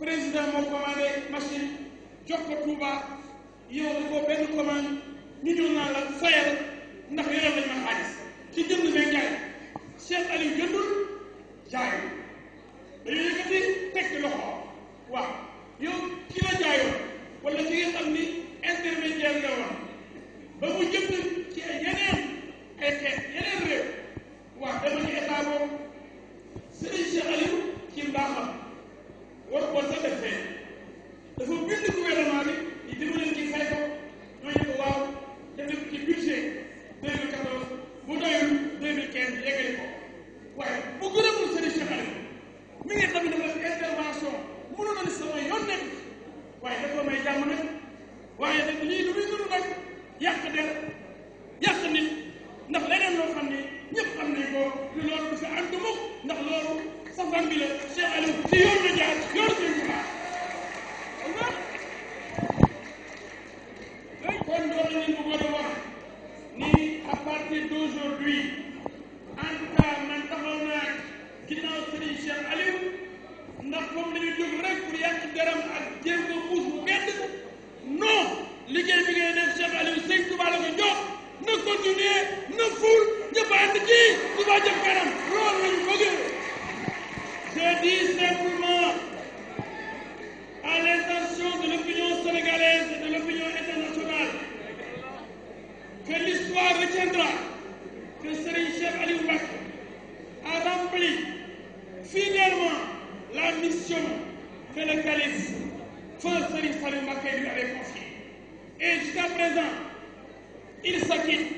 président moo commandé machine jox ko Touba ko benn commande ñu ñëw naa la fayal ndax yore lañ ma der yàq nit ndax leneen loo xam ne ñëpp xam nañ ko te loolu du fi ànd mukk ndax loolu safaan bi la Cheikh Aliou ci yoon la jaar yoon seen bu baax kon loolu lañ bëggoon a wax ni à partir d'aujourd'hui en tout cas man taxaw naa ginnaaw Serigne Cheikh Aliou ndax moom la ñu jóg rek pour yàq deram ak je dis simplement à l'intention de l'opinion sénégalaise et de l'opinion internationale que l'histoire retiendra que Serigne Cheikh Aliou a rempli finalement la mission que le calife feu Serigne lui avait confiée et jusqu'à présent il s'acquitte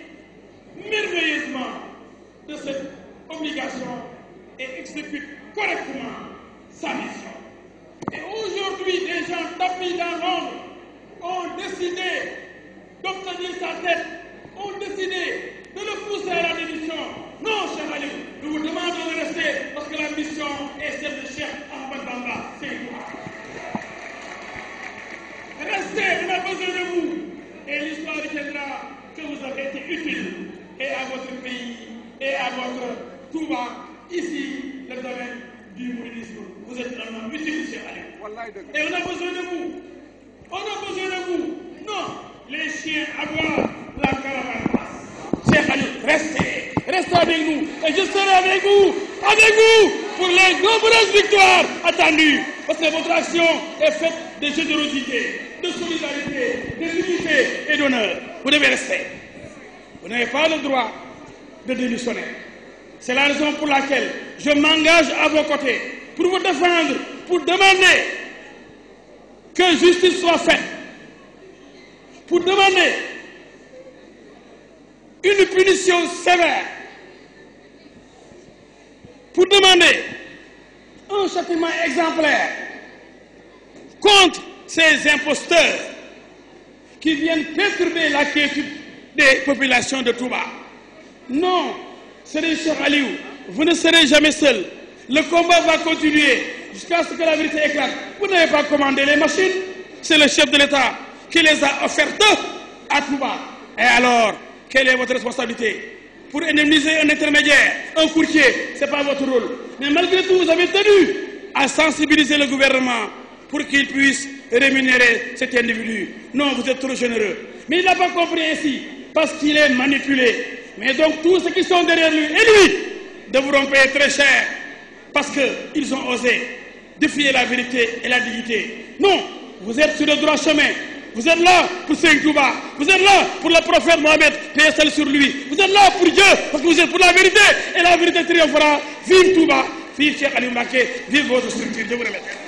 merveilleusement de cette obligation et exécute correctement sa mission. Et aujourd'hui, des gens tapis dans l'ombre ont décidé d'obtenir sa tête, ont décidé de le pousser à la démission. Non, cher Ali, nous vous demandons de rester parce que la mission est celle de chef Ahmed Bamba. C'est moi. Restez, on a besoin de vous. Et l'histoire retiendra que vous avez été utile et à votre pays et à votre Touba, ici, le domaine du mouridisme. Vous êtes un homme Et on a besoin de vous. On a besoin de vous. Non, les chiens à boire, la caravane passe. Cheikh restez. Restez avec nous. Et je serai avec vous, avec vous, pour les nombreuses victoires attendues. Parce que votre action est faite de générosité, de solidarité, de dignité et d'honneur. Vous devez rester. Vous n'avez pas le droit de démissionner. C'est la raison pour laquelle je m'engage à vos côtés pour vous défendre, pour demander que justice soit faite, pour demander une punition sévère, pour demander un châtiment exemplaire contre ces imposteurs qui viennent perturber la quiétude des populations de Touba. Non, le chef Aliou, vous ne serez jamais seul. Le combat va continuer jusqu'à ce que la vérité éclate. Vous n'avez pas commandé les machines, c'est le chef de l'État qui les a offertes à Touba. Et alors, quelle est votre responsabilité Pour indemniser un intermédiaire, un courtier, ce n'est pas votre rôle. Mais malgré tout, vous avez tenu à sensibiliser le gouvernement pour qu'il puisse rémunérer cet individu. Non, vous êtes trop généreux. Mais il n'a pas compris ainsi, parce qu'il est manipulé mais donc tous ceux qui sont derrière lui et lui devront payer très cher parce qu'ils ont osé défier la vérité et la dignité. Non, vous êtes sur le droit chemin. Vous êtes là pour Saint Touba. Vous êtes là pour le prophète Mohamed, est celle sur lui. Vous êtes là pour Dieu, parce que vous êtes pour la vérité. Et la vérité triomphera. Vive Touba, vive Cheikh Ali Mbake, vive vos structure. Je vous